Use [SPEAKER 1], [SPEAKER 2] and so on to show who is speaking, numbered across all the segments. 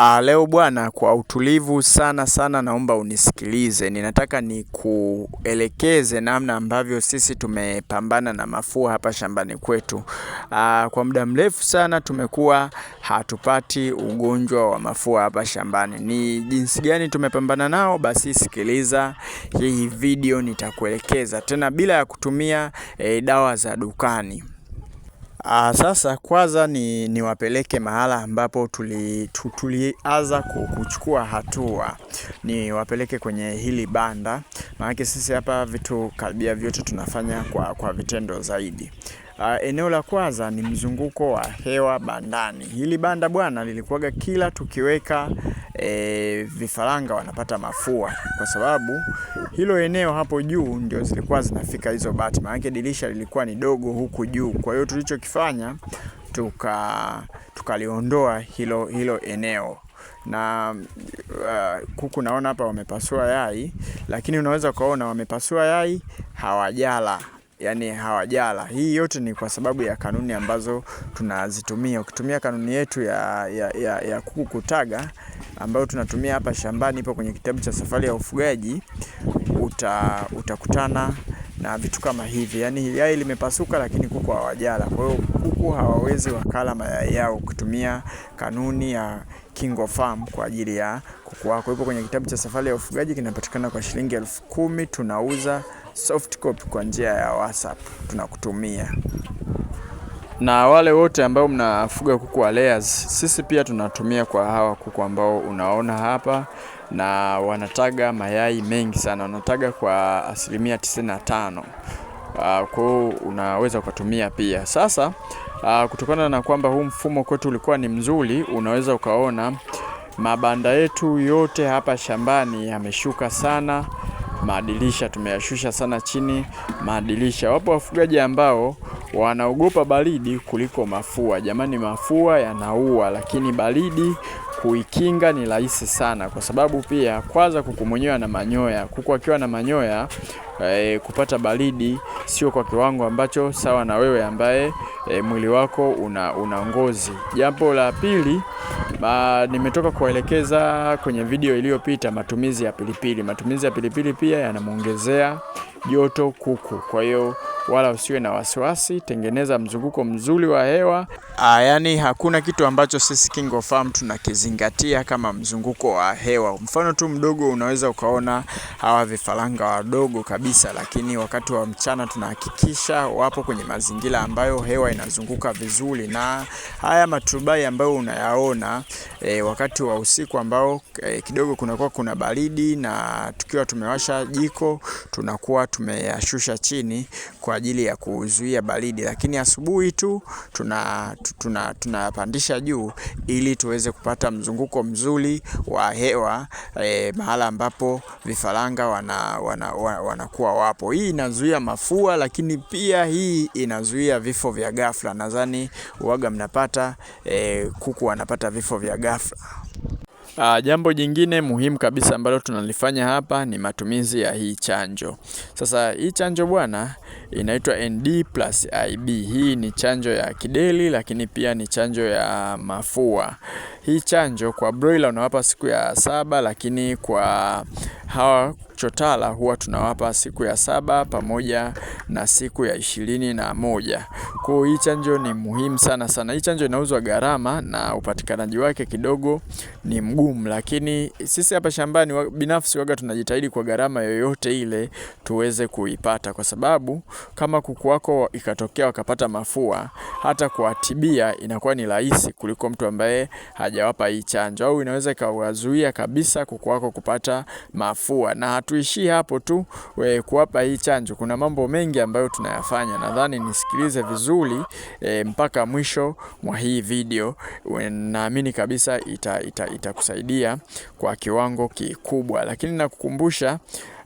[SPEAKER 1] Uh, leo bwana, kwa utulivu sana sana, naomba unisikilize. Ninataka nikuelekeze namna ambavyo sisi tumepambana na mafua hapa shambani kwetu. Uh, kwa muda mrefu sana tumekuwa hatupati ugonjwa wa mafua hapa shambani. Ni jinsi gani tumepambana nao? Basi sikiliza hii video, nitakuelekeza tena bila ya kutumia eh, dawa za dukani. Aa, ah, sasa kwanza ni niwapeleke mahala ambapo tulianza tuli kuchukua hatua, niwapeleke kwenye hili banda, maanake sisi hapa vitu karibia vyote tunafanya kwa, kwa vitendo zaidi. Uh, eneo la kwanza ni mzunguko wa hewa bandani. Hili banda bwana lilikuwaga kila tukiweka e, vifaranga wanapata mafua, kwa sababu hilo eneo hapo juu ndio zilikuwa zinafika hizo bati, maanake dirisha lilikuwa ni dogo huku juu. Kwa hiyo tulichokifanya tuka tukaliondoa hilo, hilo eneo na uh, kuku naona hapa wamepasua yai, lakini unaweza ukaona wamepasua yai hawajala yani hawajala. Hii yote ni kwa sababu ya kanuni ambazo tunazitumia. Ukitumia kanuni yetu ya, ya, ya, ya kuku kutaga ambayo tunatumia hapa shambani, ipo kwenye kitabu cha Safari ya Ufugaji, utakutana uta na vitu kama hivi. Yaani yai limepasuka, lakini kuku hawajala. Kwa hiyo kuku hawawezi wakala mayai yao kutumia kanuni ya Kingo Farm kwa ajili ya kuku wako. Ipo kwenye kitabu cha Safari ya Ufugaji, kinapatikana kwa shilingi elfu kumi. Tunauza soft copy kwa njia ya WhatsApp, tunakutumia na wale wote ambao mnafuga kuku wa layers, sisi pia tunatumia kwa hawa kuku ambao unaona hapa na wanataga mayai mengi sana, wanataga kwa asilimia 95. Uh, ah, kwa unaweza ukatumia pia sasa. Uh, kutokana na kwamba huu mfumo kwetu ulikuwa ni mzuri, unaweza ukaona mabanda yetu yote hapa shambani yameshuka sana madirisha tumeyashusha sana chini madirisha. Wapo wafugaji ambao wanaogopa baridi kuliko mafua. Jamani, mafua yanaua, lakini baridi kuikinga ni rahisi sana, kwa sababu pia kwanza kuku mwenyewe ana manyoya. Kuku akiwa na manyoya e, kupata baridi sio kwa kiwango ambacho sawa na wewe ambaye e, mwili wako una, una ngozi. Jambo la pili Ba, ah, nimetoka kuwaelekeza kwenye video iliyopita matumizi ya pilipili. Matumizi ya pilipili pia yanamwongezea joto kuku, kwa hiyo wala usiwe na wasiwasi, tengeneza mzunguko mzuri wa hewa. Ah, yani hakuna kitu ambacho sisi Farm tunakizingatia kama mzunguko wa hewa. Mfano tu mdogo, unaweza ukaona hawa vifaranga wadogo kabisa, lakini wakati wa mchana tunahakikisha wapo kwenye mazingira ambayo hewa inazunguka vizuri, na haya maturubai ambayo unayaona e, wakati wa usiku ambao e, kidogo kunakuwa kuna baridi, na tukiwa tumewasha jiko tunakuwa tumeyashusha chini kwa kwa ajili ya kuzuia baridi, lakini asubuhi tu tunapandisha tuna, tuna juu ili tuweze kupata mzunguko mzuri wa hewa e, mahala ambapo vifaranga wanakuwa wana, wana, wapo. Hii inazuia mafua, lakini pia hii inazuia vifo vya ghafla. Nadhani uwaga mnapata e, kuku wanapata vifo vya ghafla. Uh, jambo jingine muhimu kabisa ambalo tunalifanya hapa ni matumizi ya hii chanjo. Sasa hii chanjo bwana inaitwa ND plus IB. Hii ni chanjo ya kideli lakini pia ni chanjo ya mafua. Hii chanjo kwa broiler unawapa siku ya saba lakini kwa hawa Chotala huwa tunawapa siku ya saba pamoja na siku ya ishirini na moja. Kwa hiyo hii chanjo ni muhimu sana sana. Hii chanjo inauzwa gharama na upatikanaji wake kidogo ni mgumu, lakini sisi hapa shambani wa, binafsi waga tunajitahidi kwa gharama yoyote ile tuweze kuipata, kwa sababu kama kuku wako ikatokea wakapata mafua, hata kuwatibia inakuwa ni rahisi kuliko mtu ambaye hajawapa hii chanjo, au inaweza ikawazuia kabisa kuku wako kupata mafua na hatu hatuishii hapo tu we, kuwapa hii chanjo. Kuna mambo mengi ambayo tunayafanya. Nadhani nisikilize vizuri e, mpaka mwisho mwa hii video. Naamini kabisa itakusaidia ita, ita kwa kiwango kikubwa, lakini nakukumbusha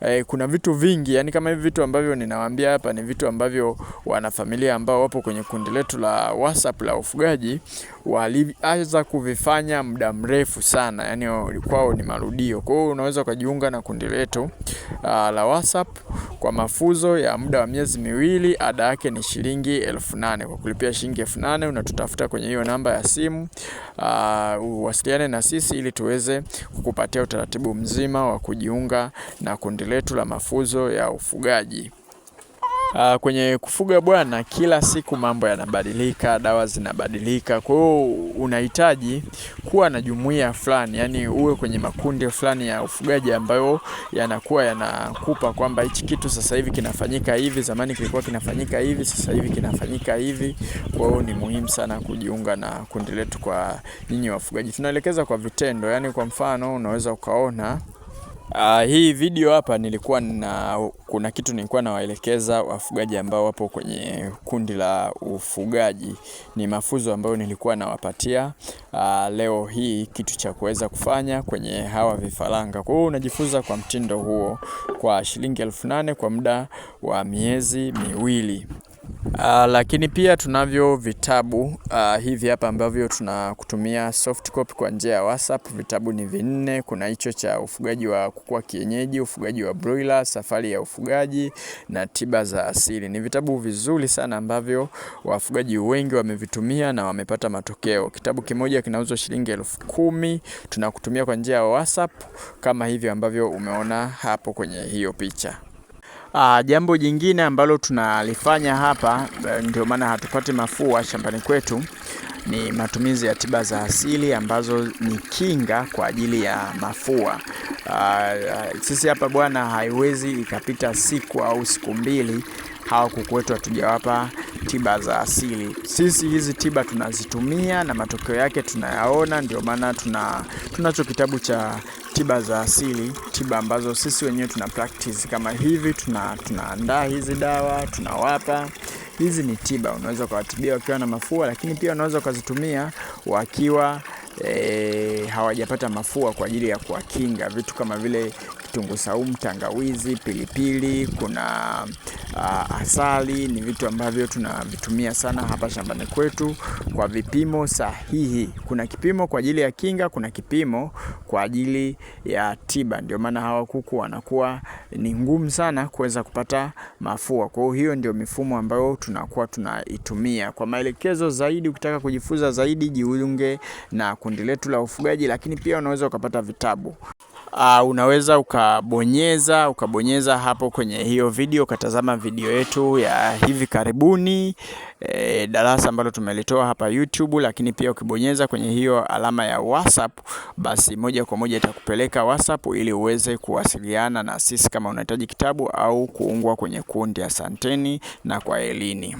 [SPEAKER 1] eh, kuna vitu vingi yani, kama hivi vitu ambavyo ninawaambia hapa ni vitu ambavyo wanafamilia ambao wapo kwenye kundi letu la WhatsApp la ufugaji walianza kuvifanya muda mrefu sana, yani kwao ni marudio. Kwa hiyo unaweza ukajiunga na kundi letu ah, la WhatsApp kwa mafuzo ya muda wa miezi miwili. Ada yake ni shilingi elfu nane. Kwa kulipia shilingi elfu nane unatutafuta kwenye hiyo namba ya simu uh, uwasiliane na sisi ili tuweze kukupatia utaratibu mzima wa kujiunga na kundi letu la mafunzo ya ufugaji. Uh, kwenye kufuga bwana, kila siku mambo yanabadilika, dawa zinabadilika. Kwa hiyo unahitaji kuwa na jumuiya fulani, yani uwe kwenye makundi fulani ya ufugaji ambayo yanakuwa yanakupa kwamba hichi kitu sasa hivi kinafanyika hivi, zamani kilikuwa kinafanyika hivi, sasa hivi kinafanyika hivi. Kwa hiyo ni muhimu sana kujiunga na kundi letu. Kwa nyinyi wafugaji, tunaelekeza kwa vitendo, yani kwa mfano unaweza ukaona Uh, hii video hapa nilikuwa na kuna kitu nilikuwa nawaelekeza wafugaji ambao wapo kwenye kundi la ufugaji. Ni mafunzo ambayo nilikuwa nawapatia uh, leo hii kitu cha kuweza kufanya kwenye hawa vifaranga. Kwa hiyo unajifunza kwa mtindo huo kwa shilingi elfu nane kwa muda wa miezi miwili. Uh, lakini pia tunavyo vitabu uh, hivi hapa ambavyo tunakutumia soft copy kwa njia ya WhatsApp. Vitabu ni vinne. Kuna hicho cha ufugaji wa kuku wa kienyeji, ufugaji wa broiler, safari ya ufugaji na tiba za asili. Ni vitabu vizuri sana ambavyo wafugaji wengi wamevitumia na wamepata matokeo. Kitabu kimoja kinauzwa shilingi elfu kumi. Tunakutumia kwa njia ya WhatsApp kama hivyo ambavyo umeona hapo kwenye hiyo picha. Uh, jambo jingine ambalo tunalifanya hapa eh, ndio maana hatupati mafua shambani kwetu ni matumizi ya tiba za asili ambazo ni kinga kwa ajili ya mafua. Uh, sisi hapa bwana, haiwezi ikapita siku au siku mbili hawa kuku wetu hatujawapa tiba za asili. Sisi hizi tiba tunazitumia na matokeo yake tunayaona. Ndio maana tuna tunacho kitabu cha tiba za asili, tiba ambazo sisi wenyewe tuna practice kama hivi, tuna tunaandaa hizi dawa tunawapa. Hizi ni tiba, unaweza ukawatibia wakiwa na mafua, lakini pia unaweza ukazitumia wakiwa E, hawajapata mafua kwa ajili ya kuwakinga vitu kama vile kitunguu saumu, tangawizi, pilipili, kuna uh, asali. Ni vitu ambavyo tunavitumia sana hapa shambani kwetu kwa vipimo sahihi. Kuna kipimo kwa ajili ya kinga, kuna kipimo kwa ajili ya tiba. Ndio maana hawa kuku wanakuwa ni ngumu sana kuweza kupata mafua. Kwa hiyo hiyo ndio mifumo ambayo tunakuwa tunaitumia. Kwa maelekezo zaidi, ukitaka kujifunza zaidi, jiunge na kundi letu la ufugaji, lakini pia unaweza ukapata vitabu uh, unaweza uka ukabonyeza ukabonyeza hapo kwenye hiyo video, ukatazama video yetu ya hivi karibuni e, darasa ambalo tumelitoa hapa YouTube. Lakini pia ukibonyeza kwenye hiyo alama ya WhatsApp, basi moja kwa moja itakupeleka WhatsApp ili uweze kuwasiliana na sisi kama unahitaji kitabu au kuungwa kwenye kundi. Asanteni na kwa elini